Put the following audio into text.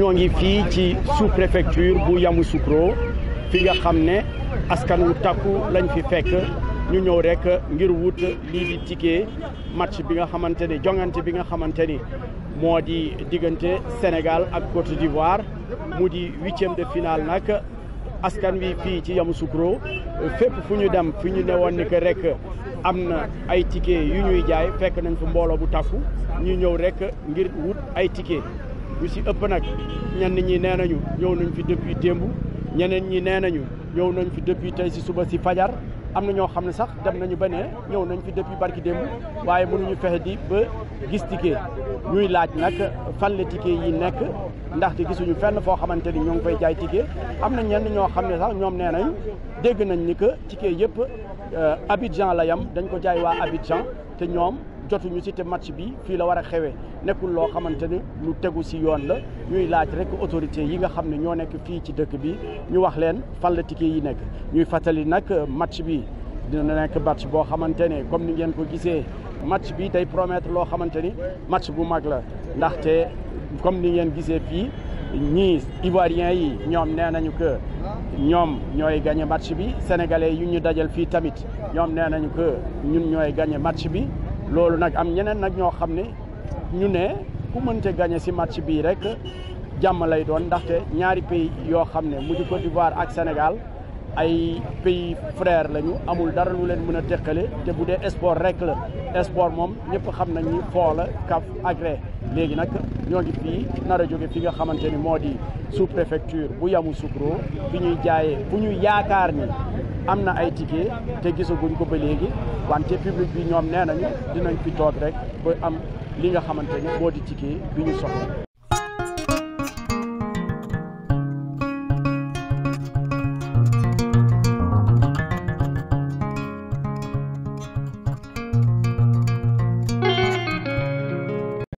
ñoo ngi fii ci sous-préfecture bu Yamoussoukro fi nga xam ne askan wu takku lañ fi fekk ñu ñëw rek ngir wut lii di ticket match bi nga xamante ni jongante bi nga xamante ni moo di diggante Sénégal ak Côte d'Ivoire mu di huitième de finale nak. askan wi fii ci Yamoussoukro fépp fu ñu dem fi ñu newoon ni que rek am na ay ticket yu ñuy jaay fekk nañ fu mbooloo bu takku ñu ñëw rek ngir wut ay ticket. lu si ëpp nag ñenn ñi nee nañu ñëw nañ fi depuis démb ñeneen ñi nee nañu ñëw nañ fi depuis tey si suba si fajar am na ñoo xam ne sax dem nañu ba ne ñëw nañ fi depuis barki démb waaye mënuñu fexe di ba gis ticket ñuy laaj nag fan le tike yi nekk ndaxte gisuñu fenn foo xamante ni ñoo ngi koy jaay ticket am na ñenn ñoo xam ne sax ñoom nee nañ dégg nañ ni que ticket yëpp euh, Abidjan la yam dañ ko jaay waa Abidjan te ñoom jotuñu ci te match bi fii la war a xewee nekkul loo xamante ne lu tegu si yoon la ñuy laaj rek autorité yi nga xam ne ñoo nekk fii ci dëkk bi ñu wax leen fan la ticket yi nekk ñuy fàttali nag euh, match bi dina nekk match boo xamante ne comme ni ngeen ko gisee match bi day promettre loo xamante ni match bu mag la ndaxte comme ni ngeen gisee fii ñii ivoirien yi ñoom nee nañu que ñoom ñooy gagné match bi sénégalais yu ñu dajal fii tamit ñoom nee nañu que ñun ñooy gagné match bi loolu nag am ñeneen nag ñoo xam ne ñu ne ku mënte gañe si match bii rek jàmm doon ndaxte ñaari pays yoo xam ne mu di Côte d'Ivoire ak Sénégal ay pays frère lañu amul dara lu leen mën a teqale te bu dee sport rek la espor moom ñëpp xam nañu ni la kaf agré léegi nag ñoo ngi fii nar a jóge fi nga xamante ni moo di sous préfecture bu Yamoussoukro bi ñuy jaayee fu ñu yaakaar ni am na ay ticket te gisaguñ ko ba léegi wante public bi ñoom nee nañu dinañ fi toog rek ba am li nga xamante ni moo di ticket bi ñu soxla.